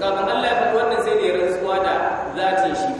kafin Allah ya faɗi wannan sai da ya rantsuwa da zatin shi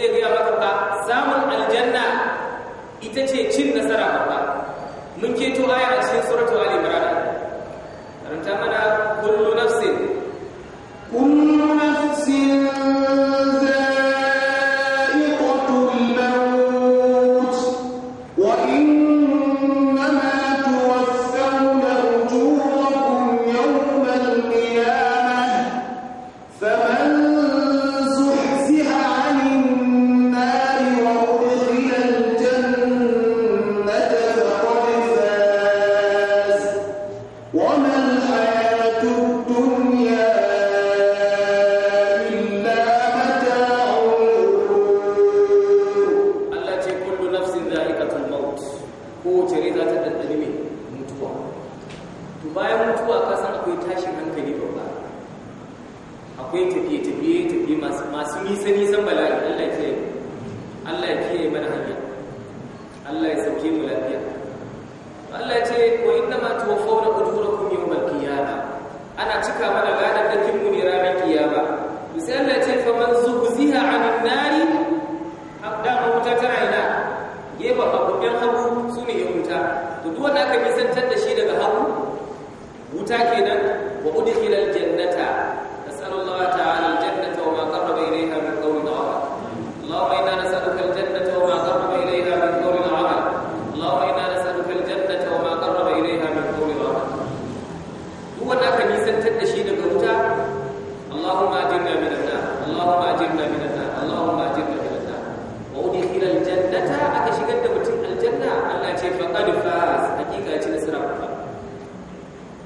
sai ya gaya maka ba samun aljanna ita ce cin nasara ba mun keto aya a cikin suratul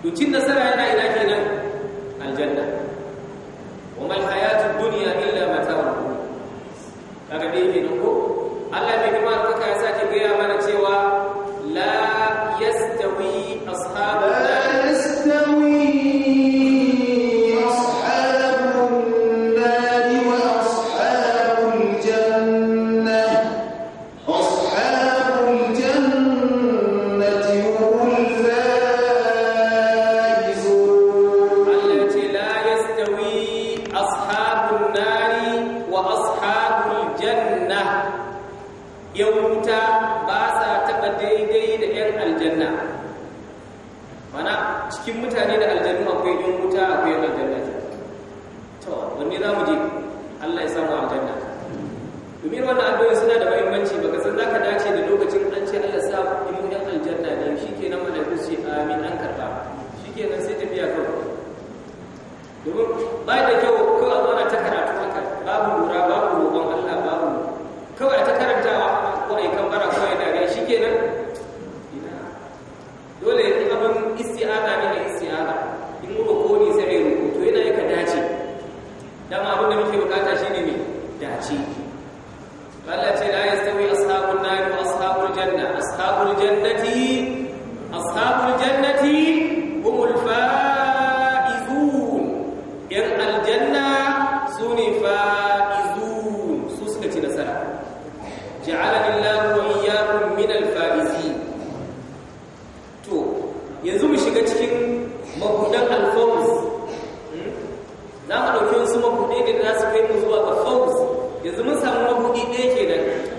to cin nasara yana ina kenan aljanna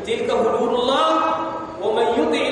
تلك حدود الله ومن يطع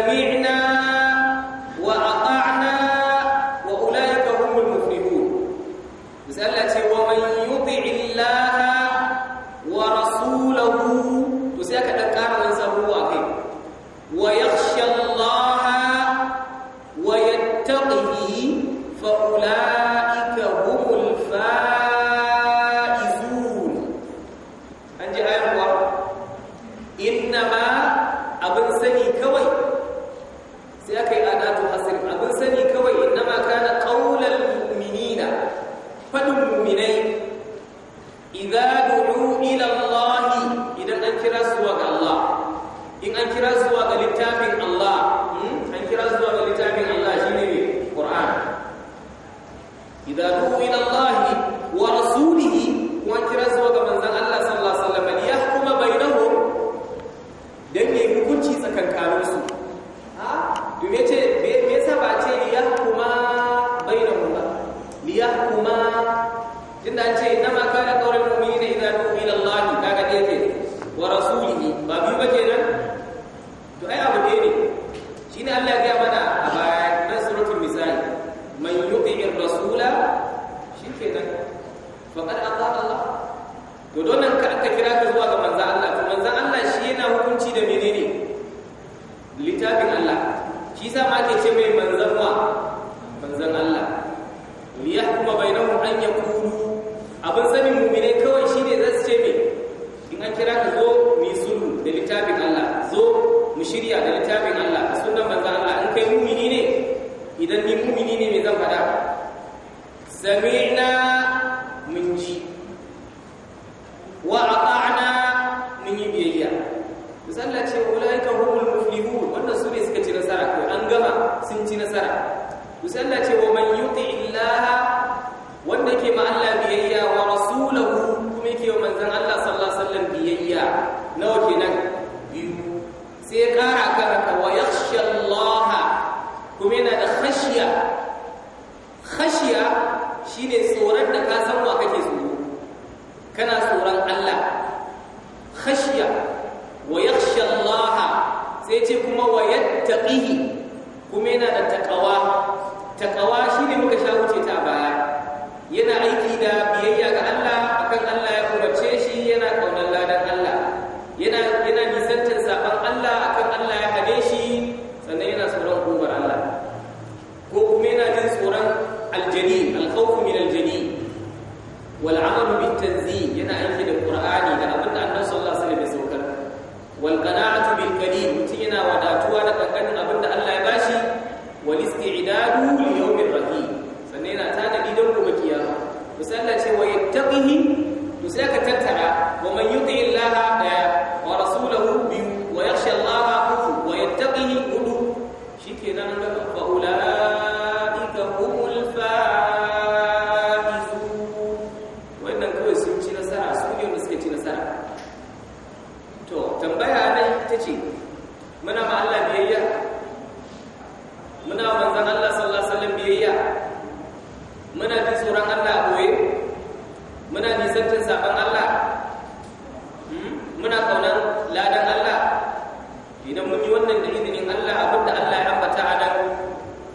the media. wa ata'na mun yi biyayya misalla ce ulaika humul muflihun wannan su ne suka ci nasara ko an gama sun ci nasara misalla ce wa man yuti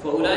quota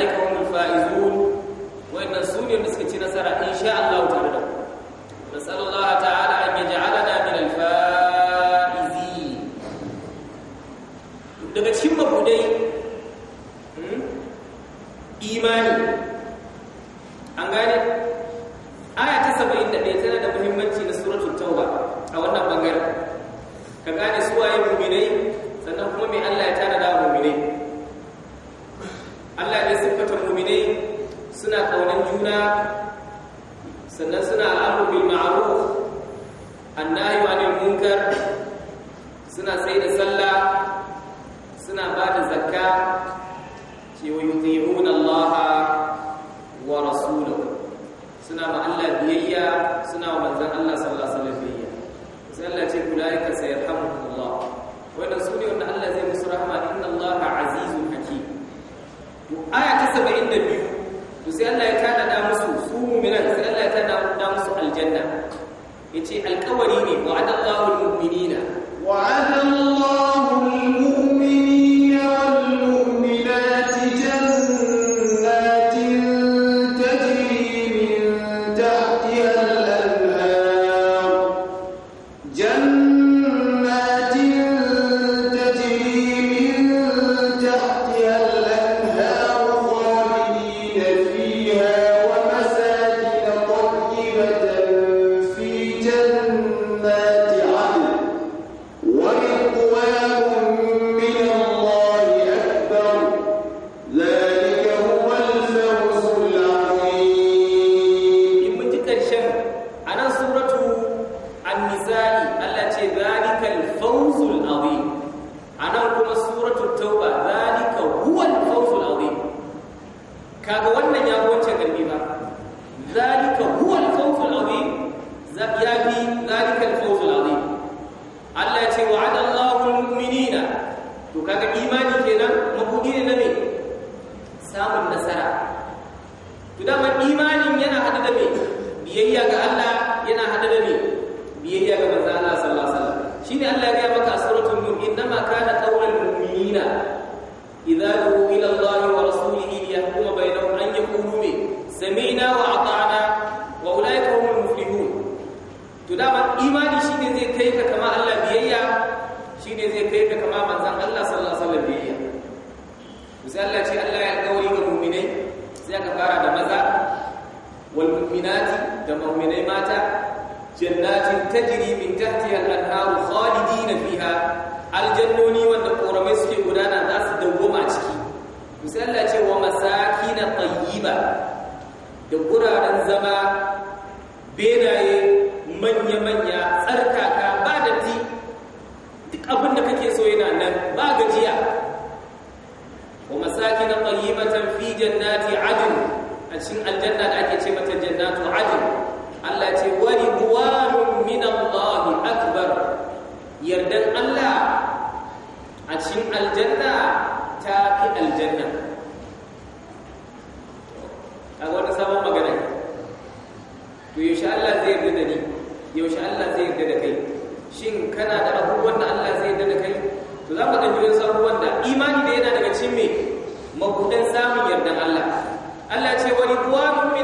ذاك الفوز العظيم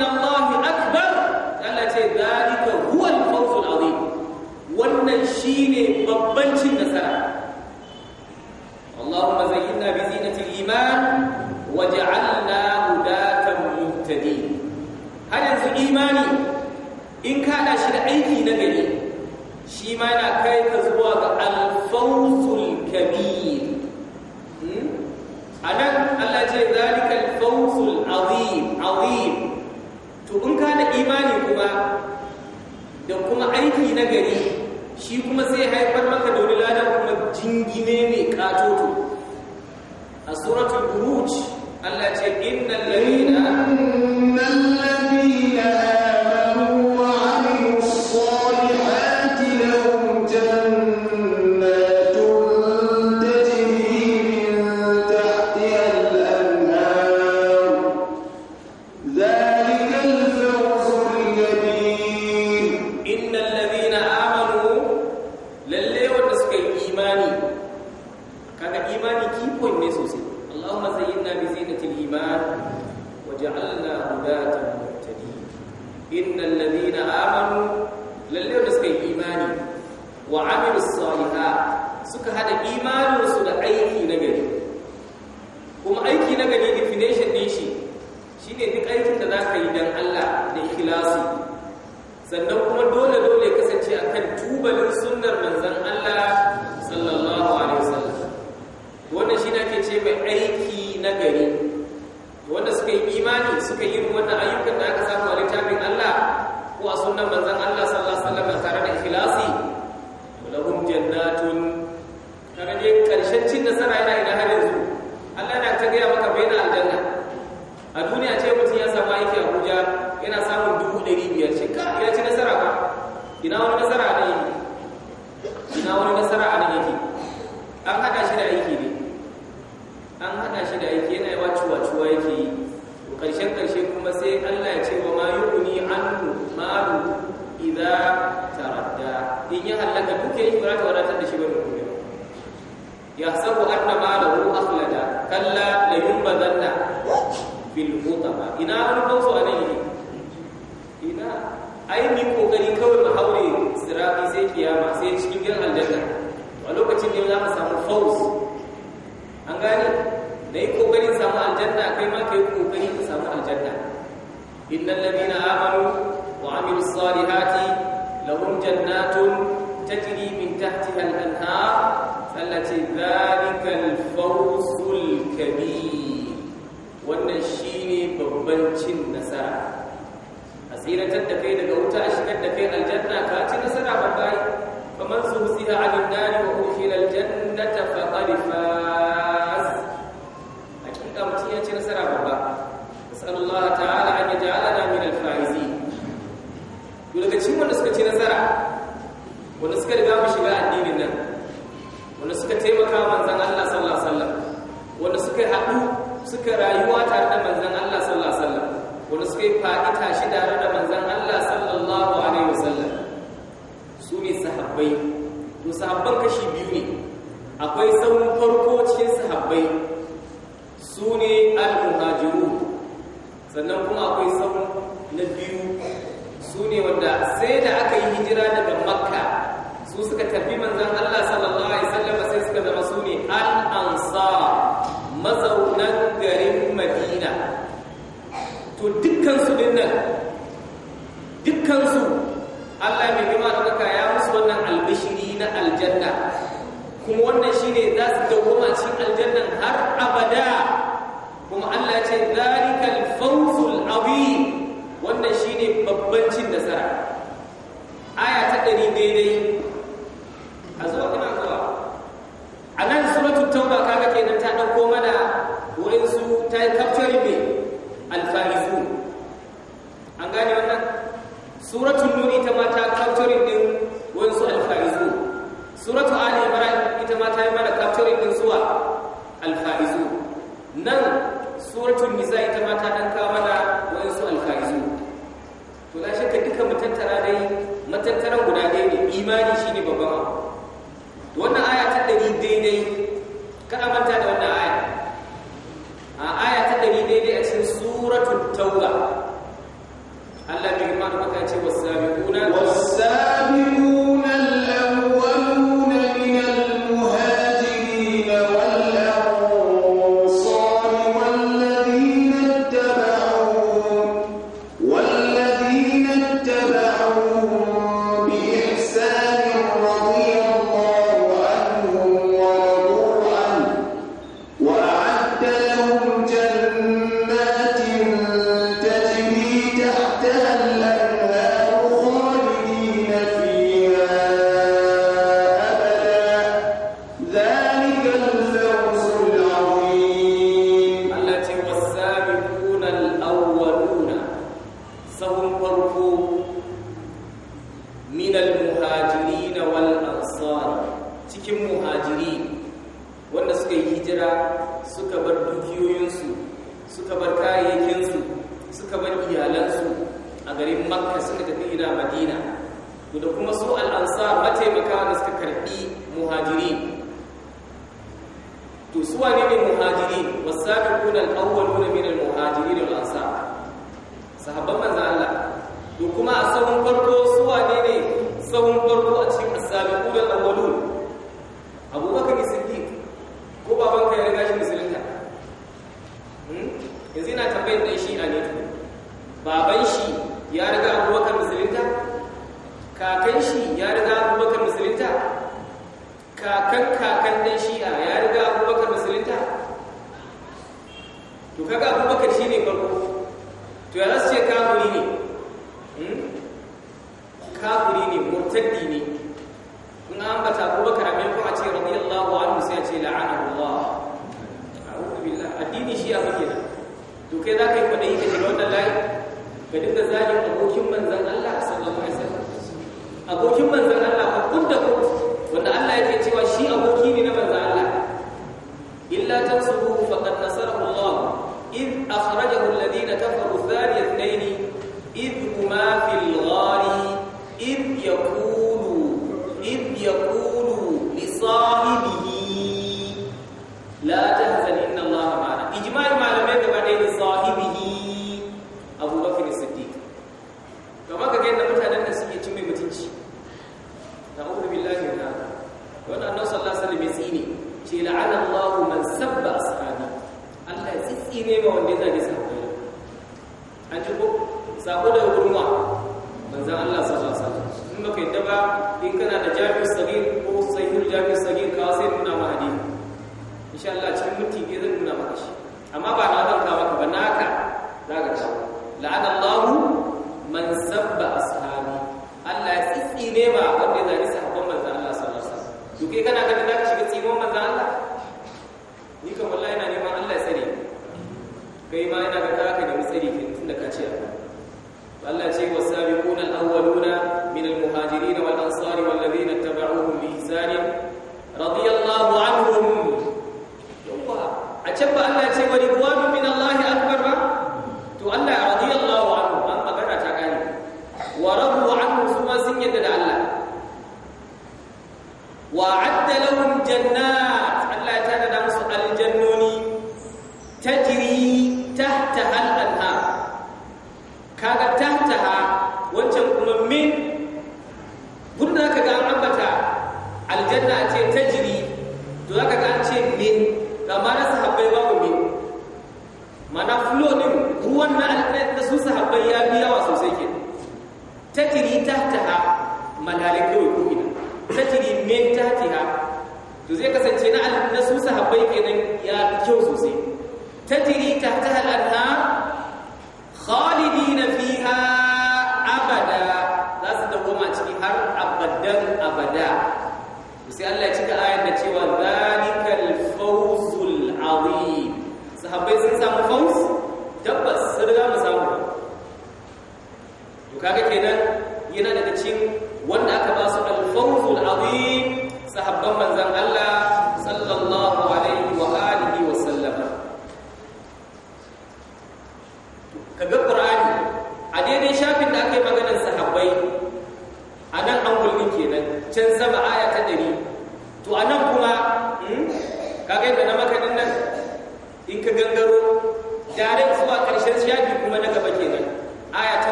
inna Allahi akbar Allah ce zalika huwal al-fawzul azim wannan shine babban cin nasara Allahumma zayyinna bi zinati al-iman waj'alna hudatan muhtadin har yanzu imani in ka shi da aiki na gari shi ma yana na gari shi kuma sai haifar maka da wani ladan kuma jingine mai katoto a suratul nasara yana ina har yanzu Allah na ta gaya maka bai na aljanna a duniya ce mutum ya samu aiki a Abuja yana samun dubu ɗari biyar ce ka ya ci nasara ba ina wani nasara a nan ina wani nasara a nan yake an haɗa shi da aiki ne an haɗa shi da aiki yana yawa cuwa-cuwa yake yi ƙarshen ƙarshe kuma sai Allah ya ce wa ma yuqni anhu malu idza taradda in ya halaka ya yi ba ta wadatar yahsabu anna malahu akhlada kalla la yunbadanna fil hutama ina an dauso anan yake ina ai ni kokari kawai mu haure sirati sai kiyama sai cikin gidan aljanna a lokacin ne za ka samu faus an gane na yi kokarin samu aljanna kai ma ka yi kokarin ka samu aljanna innal ladina amanu wa amilu salihati lahum jannatun tajri min tahtiha al-anhar Allah ce zalikal fawzul kabir wannan shine babban cin nasara a tsiratar da kai daga wuta a shigar da kai aljanna ka ci nasara babba faman zuhziha 'anil nar wa ta aljannata faqad A hakika mutum ya ci nasara babba nasallallahu ta'ala an yaj'alana min alfaizin to daga wanda suka ci nasara wanda suka riga mu shiga addini wanda suka taimaka manzan Allah sallallahu alaihi wasallam wanda suka haɗu suka rayuwa tare da manzan Allah sallallahu alaihi wasallam wanda suka yi faɗi tashi tare da manzan Allah sallallahu alaihi wasallam su ne sahabbai to sahabban kashi biyu ne akwai sauran farko cikin sahabbai su ne al muhajiru sannan kuma akwai sauran na biyu su ne wanda sai da aka yi hijira daga makka su suka tafi manzan Allah suka zama su ne al'ansara mazaunan garin madina to dukkansu din nan dukkansu allah mai girma da maka ya musu wannan albishiri na aljanna kuma wannan shi ne za su dawoma cikin aljannan har abada kuma allah ce zalikal fawzul azim wannan shi ne babbancin nasara don annabi sallallahu alaihi wasallam ya tsine ce la'ana Allahu man sabba ashabi Allah ya tsine ma wanda ya zage sahabbai an ji ko sako da hurma manzon Allah sallallahu kaga kenan yana daga cikin wanda aka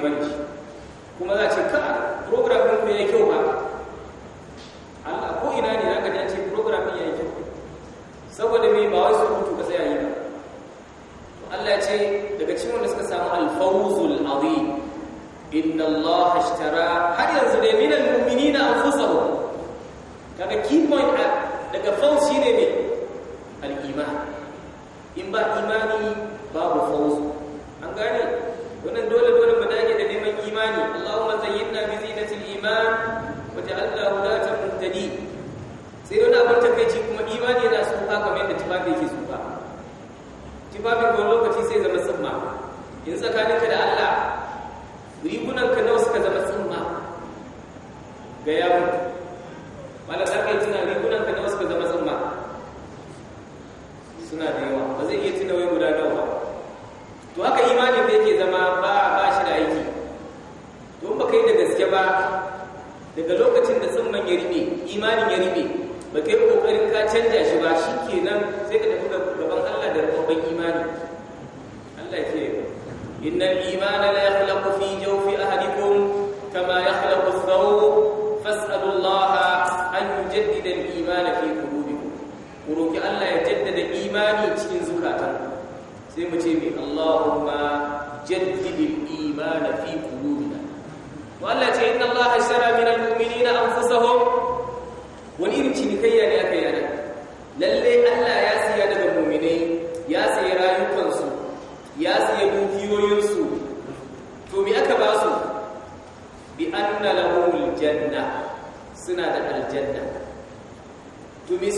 banci kuma za a ce ka program ɗin ku ya kyau ba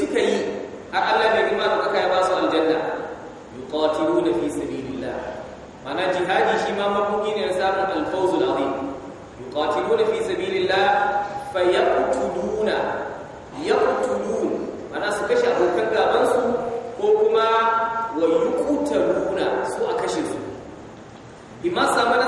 suka yi har Allah bai girma da kai ba su aljanna yuqatiluna fi sabilillah mana jihadi shi ma mabuki ne na samun alfawzul azim yuqatiluna fi sabilillah fayaqtuluna yaqtulun mana su kashe abokan gaban su ko kuma wa yuqtaluna su a kashe su imma samana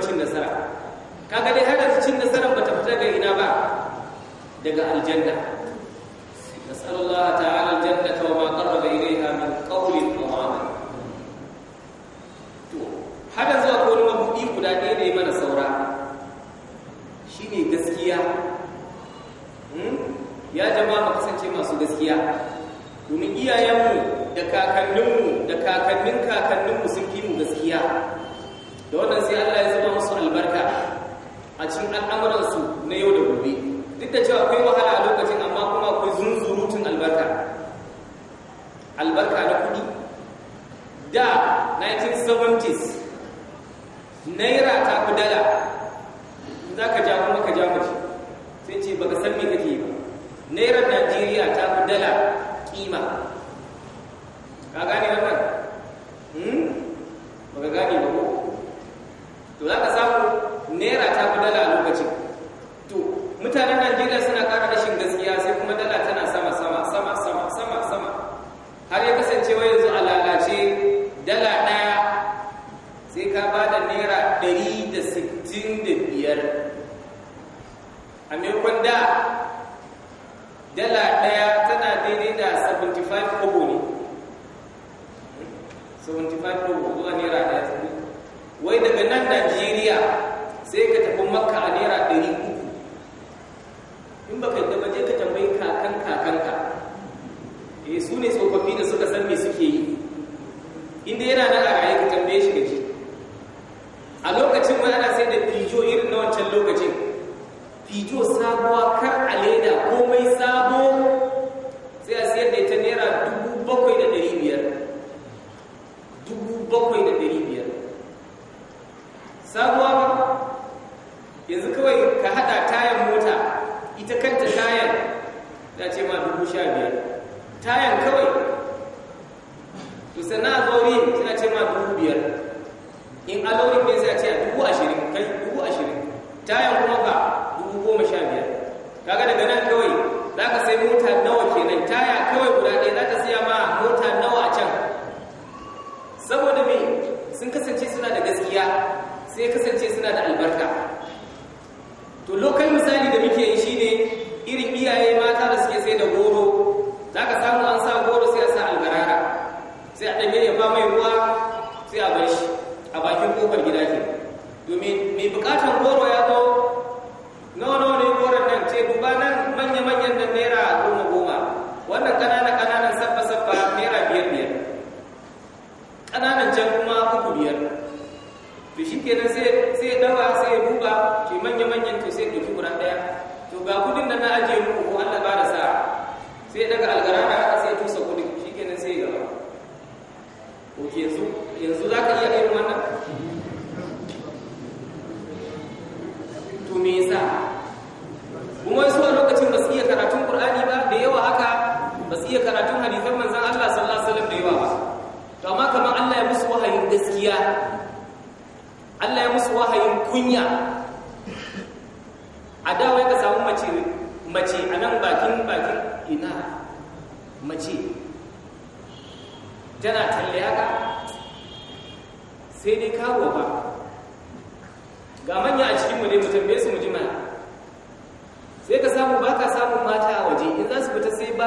cin nasara kaga dai har cin nasarar ba ta fita ga ina ba daga aljanna sai nasallallahu ta'ala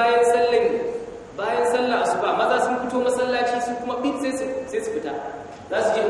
bayan sallan bayan sallar asuba maza sun fito masallaci su kuma bit sai su fita za su je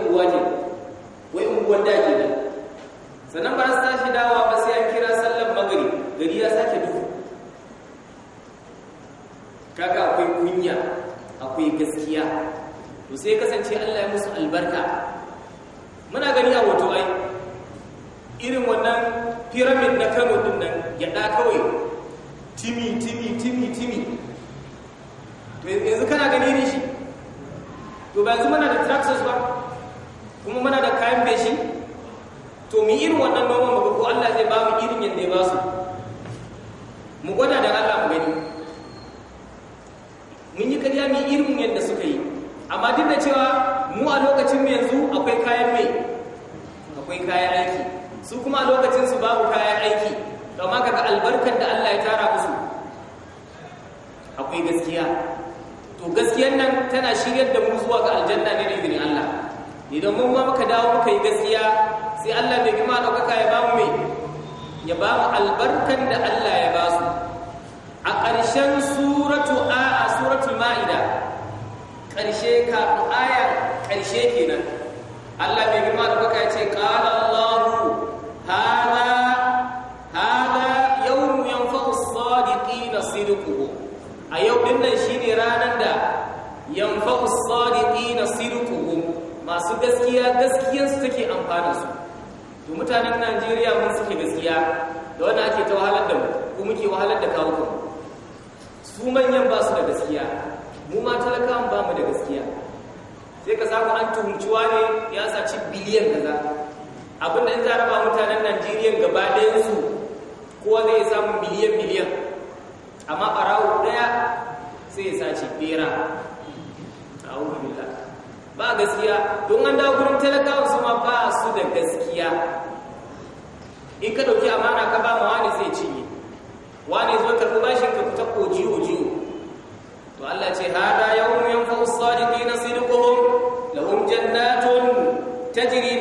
kan ba mu da gaskiya sai ka samu an tuhumciwa ne ya saci biliyan za abinda in za raba mutanen najeriya gaba ɗayansu kowa zai samun biliyan biliyan amma ɓarawo ɗaya sai ya saci bera a ba gaskiya don an dawo gurin talakawa su ma ba su da gaskiya in ka ɗauki amana ka ba ma wani sai cinye wani zuwa karfi bashin ka fita ko jiwo jiwo to Allah ce hada yawmun yanfa'u as-sadiqina sidquhum lahum jannatun tajri